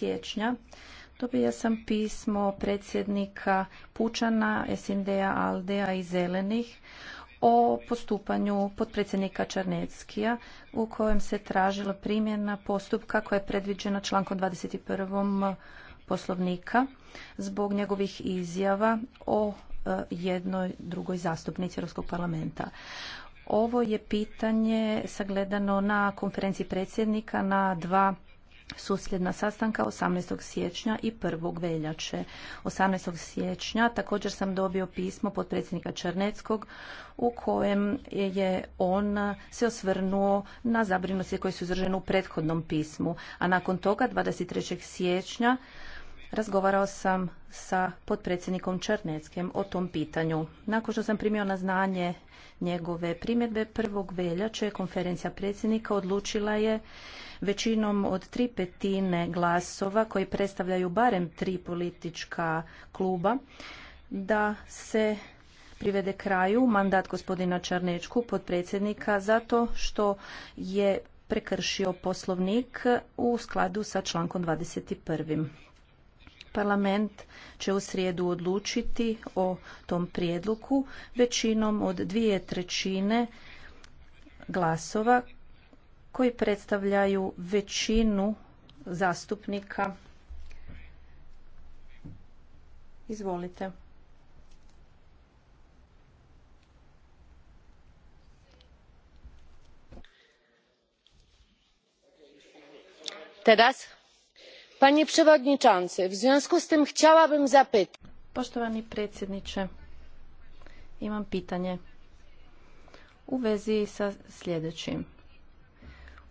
siječnja dobija sam pismo predsjednika Pučana, SND-a, Aldea i Zelenih o postupanju potpredsjednika Čarneckija u kojem se tražila primjena postupka koja je predviđena člankom 21. poslovnika zbog njegovih izjava o e, jednoj drugoj zastupnici Europskog parlamenta. Ovo je pitanje sagledano na konferenciji predsjednika na dva susljedna sastanka 18. siječnja i 1. veljače. 18. siječnja također sam dobio pismo potpredsjednika Černeckog u kojem je on se osvrnuo na zabrinutosti koje su izražene u prethodnom pismu, a nakon toga 23. siječnja Razgovarao sam sa potpredsjednikom Črneckem o tom pitanju. Nakon što sam primio na znanje njegove primjedbe, 1. veljače konferencija predsjednika odlučila je većinom od tri petine glasova koji predstavljaju barem tri politička kluba da se privede kraju mandat gospodina Čarnečku, potpredsjednika, zato što je prekršio poslovnik u skladu sa člankom 21. Parlament će u srijedu odlučiti o tom prijedluku većinom od dvije trećine glasova koji predstavljaju većinu zastupnika. Izvolite. Te panie przewodniczący w związku z tym chciałabym zapytać poštovani predsjedniče imam pitanje u vezi sa sljedećim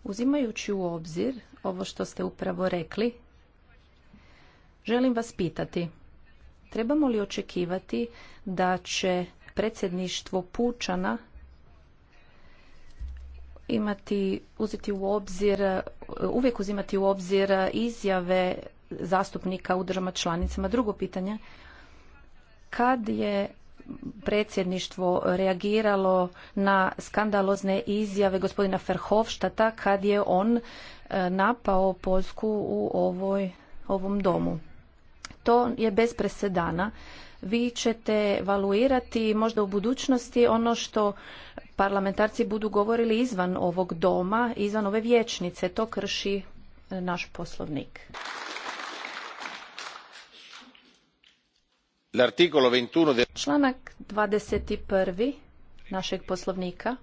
uzimajući u obzir ovo što ste upravo rekli želim vas pitati trebamo li očekivati da će predsjedništvo pučana imati, uzeti u obzir, uvijek uzimati u obzir izjave zastupnika u državama članicama. Drugo pitanje, kad je predsjedništvo reagiralo na skandalozne izjave gospodina Ferhovštata, kad je on e, napao Poljsku u ovoj, ovom domu. To je bez presedana. Vi ćete valuirati možda u budućnosti ono što parlamentarci budu govorili izvan ovog doma, izvan ove vječnice. To krši e, naš poslovnik. Članak 21. našeg poslovnika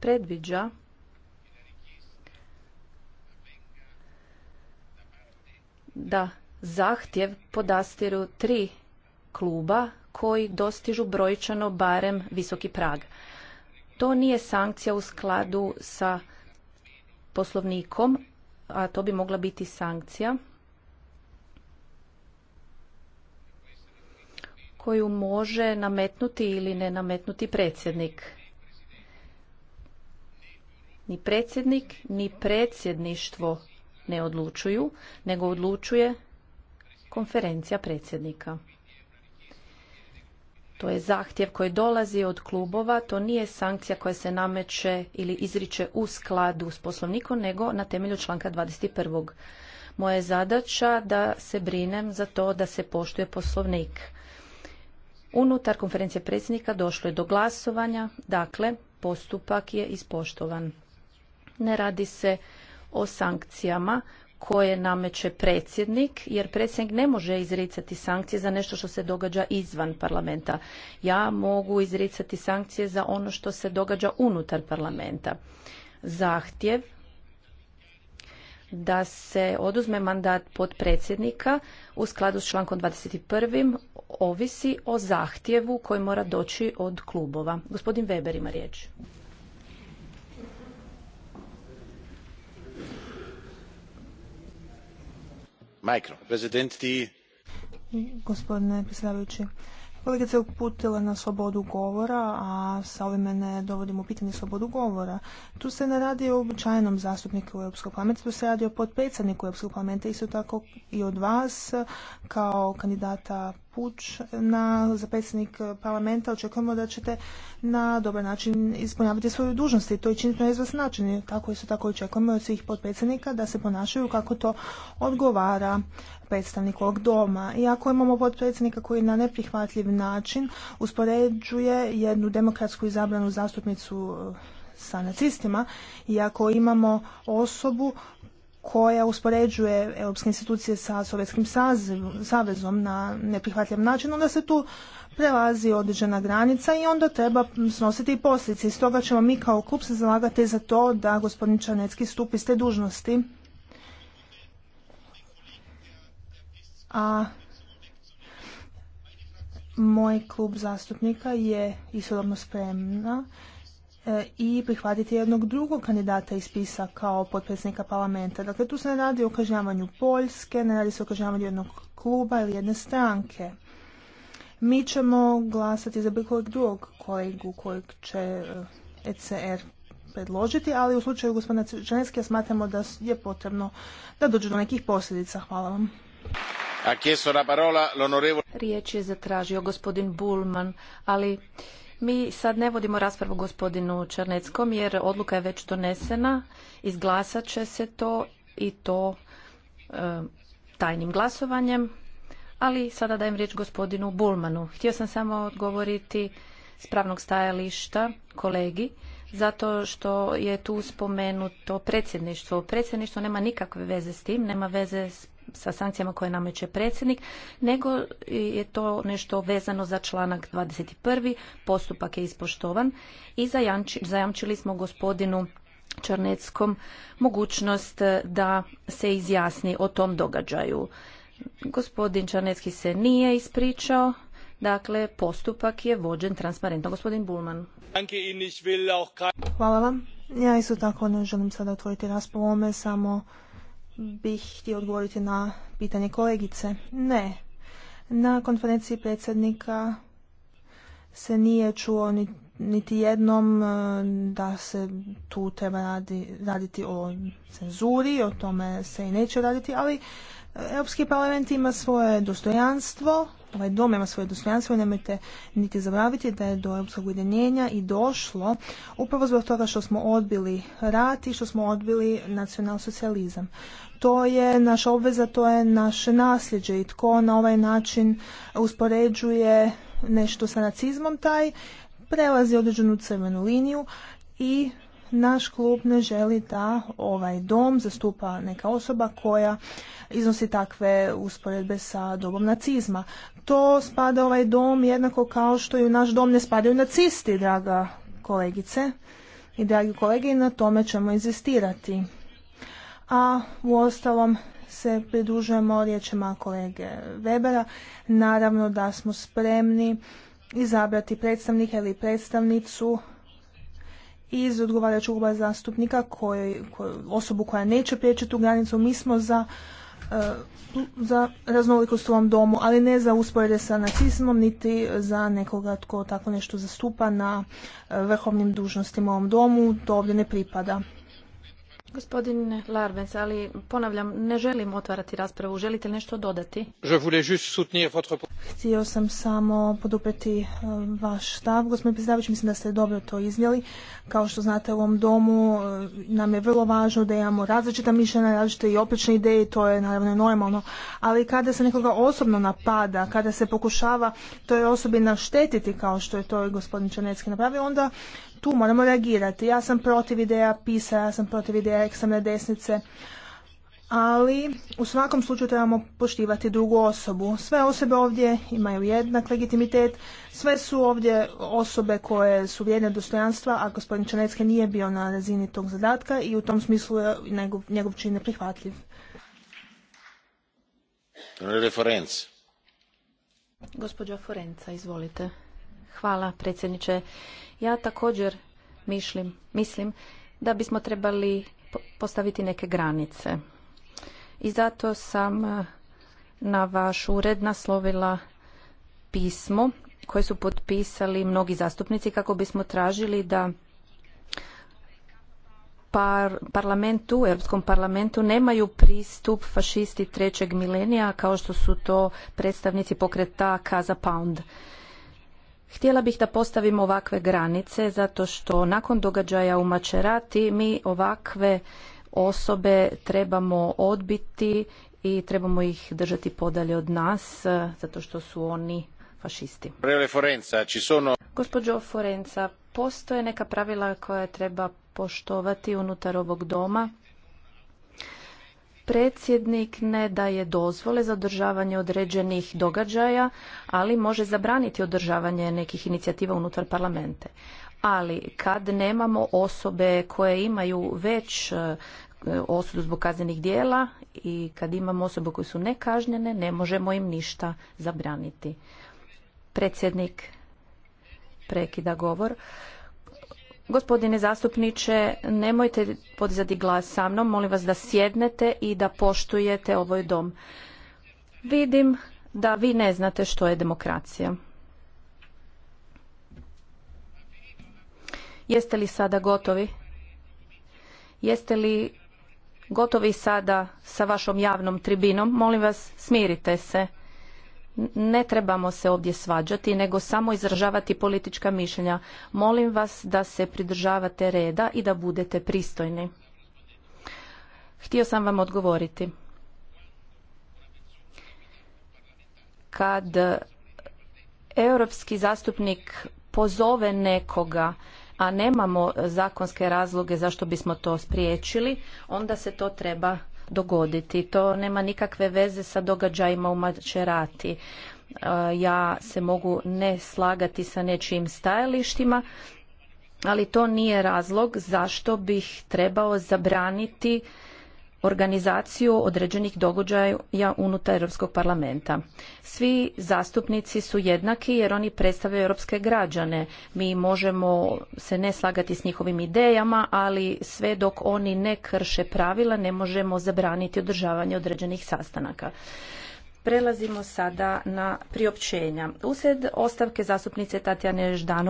predviđa da zahtjev podastiru tri kluba koji dostižu brojčano barem visoki prag. To nije sankcija u skladu sa poslovnikom, a to bi mogla biti sankcija koju može nametnuti ili ne nametnuti predsjednik. Ni predsjednik, ni predsjedništvo ne odlučuju, nego odlučuje konferencija predsjednika. To je zahtjev koji dolazi od klubova, to nije sankcija koja se nameće ili izriče u skladu s poslovnikom, nego na temelju članka 21. Moja je zadaća da se brinem za to da se poštuje poslovnik. Unutar konferencije predsjednika došlo je do glasovanja, dakle postupak je ispoštovan. Ne radi se o sankcijama koje nameće predsjednik, jer predsjednik ne može izricati sankcije za nešto što se događa izvan parlamenta. Ja mogu izricati sankcije za ono što se događa unutar parlamenta. Zahtjev da se oduzme mandat predsjednika u skladu s člankom 21. ovisi o zahtjevu koji mora doći od klubova. Gospodin Weber ima riječ. Gospodine predsjedavajući, kolegica je uputila na slobodu govora, a sa ovime ne dovodimo u pitanje slobodu govora. Tu se ne radi o uobičajenom zastupniku u europskom parlamenta, tu se radi o potpredsjedniku Europskog parlamenta, isto tako i od vas kao kandidata Uč na, za parlamenta očekujemo da ćete na dobar način ispunjavati svoju dužnost i to je činitno na izvas način. Tako isto tako očekujemo od svih potpredsjednika da se ponašaju kako to odgovara predstavnik ovog doma. I ako imamo potpredsjednika koji na neprihvatljiv način uspoređuje jednu demokratsku izabranu zastupnicu sa nacistima i ako imamo osobu koja uspoređuje europske institucije sa Sovjetskim savezom na neprihvatljiv način, onda se tu prelazi određena granica i onda treba snositi i posljedice. I stoga ćemo mi kao klub se zalagati za to da gospodin Čanecki stupi s te dužnosti. A moj klub zastupnika je istodobno spremna E, i prihvatiti jednog drugog kandidata iz spisa kao potpredsjednika parlamenta. Dakle, tu se ne radi o kažnjavanju Poljske, ne radi se o kažnjavanju jednog kluba ili jedne stranke. Mi ćemo glasati za bilo drugog kolegu kojeg će ECR e predložiti, ali u slučaju gospodina Čenevskija smatramo da je potrebno da dođe do nekih posljedica. Hvala vam. Riječ je zatražio gospodin Bulman, ali mi sad ne vodimo raspravu gospodinu Črneckom jer odluka je već donesena, izglasat će se to i to e, tajnim glasovanjem. Ali sada dajem riječ gospodinu Bulmanu. Htio sam samo odgovoriti s pravnog stajališta kolegi zato što je tu spomenuto predsjedništvo. Predsjedništvo nema nikakve veze s tim, nema veze s sa sankcijama koje nameće predsjednik, nego je to nešto vezano za članak 21. Postupak je ispoštovan i zajamčili smo gospodinu črneckom mogućnost eh, da se izjasni o tom događaju. Gospodin Čarnecki se nije ispričao, dakle postupak je vođen transparentno. Gospodin Bulman. Hvala vam. Ja isto tako ne želim sada otvoriti raspravu o samo bih htio odgovoriti na pitanje kolegice. Ne. Na konferenciji predsjednika se nije čuo niti jednom e, da se tu treba radi, raditi o cenzuri, o tome se i neće raditi, ali e, Europski parlament ima svoje dostojanstvo ovaj dom ima svoje dostojanstvo, nemojte niti zaboraviti da je do europskog ujedinjenja i došlo upravo zbog toga što smo odbili rat i što smo odbili nacionalsocijalizam. To je naša obveza, to je naše nasljeđe i tko na ovaj način uspoređuje nešto sa nacizmom taj prelazi određenu crvenu liniju i naš klub ne želi da ovaj dom zastupa neka osoba koja iznosi takve usporedbe sa dobom nacizma. To spada ovaj dom jednako kao što i u naš dom ne spadaju nacisti, draga kolegice i dragi kolege, i na tome ćemo inzistirati. A u ostalom se pridružujemo riječima kolege Webera. Naravno da smo spremni izabrati predstavnika ili predstavnicu iz odgovarajućeg kluba zastupnika koj, osobu koja neće prijeći tu granicu. Mi smo za, eh, za raznolikost u ovom domu, ali ne za usporede sa nacizmom, niti za nekoga tko tako nešto zastupa na eh, vrhovnim dužnostima u ovom domu. To ovdje ne pripada. Gospodine Larvens, ali ponavljam, ne želim otvarati raspravu. Želite li nešto dodati? Htio sam samo podupeti e, vaš stav. Gospodin predsjedavajući, mislim da ste dobro to iznijeli. Kao što znate, u ovom domu e, nam je vrlo važno da imamo različita mišljenja, različite i oprične ideje, to je naravno normalno. Ali kada se nekoga osobno napada, kada se pokušava toj osobi naštetiti, kao što je to i gospodin Čanecki napravio, onda tu moramo reagirati. Ja sam protiv ideja PISA, ja sam protiv ideja ekstremne desnice, ali u svakom slučaju trebamo poštivati drugu osobu. Sve osobe ovdje imaju jednak legitimitet, sve su ovdje osobe koje su vrijedne dostojanstva, a gospodin Čanecki nije bio na razini tog zadatka i u tom smislu je njegov, njegov čin neprihvatljiv. Gospođo Forenca, izvolite. Hvala predsjedniče. Ja također mislim da bismo trebali postaviti neke granice. I zato sam e, na vaš ured naslovila pismo koje su potpisali mnogi zastupnici kako bismo tražili da par, parlamentu, Europskom parlamentu nemaju pristup fašisti trećeg milenija kao što su to predstavnici pokreta kaza pound. Htjela bih da postavimo ovakve granice zato što nakon događaja u Mačerati mi ovakve osobe trebamo odbiti i trebamo ih držati podalje od nas e, zato što su oni fašisti. Forenza, Gospođo Forenca, postoje neka pravila koja treba poštovati unutar ovog doma predsjednik ne daje dozvole za održavanje određenih događaja, ali može zabraniti održavanje nekih inicijativa unutar parlamente. Ali kad nemamo osobe koje imaju već e, osudu zbog kaznenih dijela i kad imamo osobe koje su nekažnjene, ne možemo im ništa zabraniti. Predsjednik prekida govor. Gospodine zastupniče, nemojte podizati glas sa mnom, molim vas da sjednete i da poštujete ovoj dom. Vidim da vi ne znate što je demokracija. Jeste li sada gotovi? Jeste li gotovi sada sa vašom javnom tribinom? Molim vas, smirite se ne trebamo se ovdje svađati, nego samo izražavati politička mišljenja. Molim vas da se pridržavate reda i da budete pristojni. Htio sam vam odgovoriti. Kad europski zastupnik pozove nekoga, a nemamo zakonske razloge zašto bismo to spriječili, onda se to treba dogoditi. To nema nikakve veze sa događajima u Mačerati. E, ja se mogu ne slagati sa nečijim stajalištima, ali to nije razlog zašto bih trebao zabraniti organizaciju određenih događaja unutar Europskog parlamenta. Svi zastupnici su jednaki jer oni predstavljaju europske građane. Mi možemo se ne slagati s njihovim idejama, ali sve dok oni ne krše pravila ne možemo zabraniti održavanje određenih sastanaka. Prelazimo sada na priopćenja. Usred ostavke zastupnice Tatjane Ždano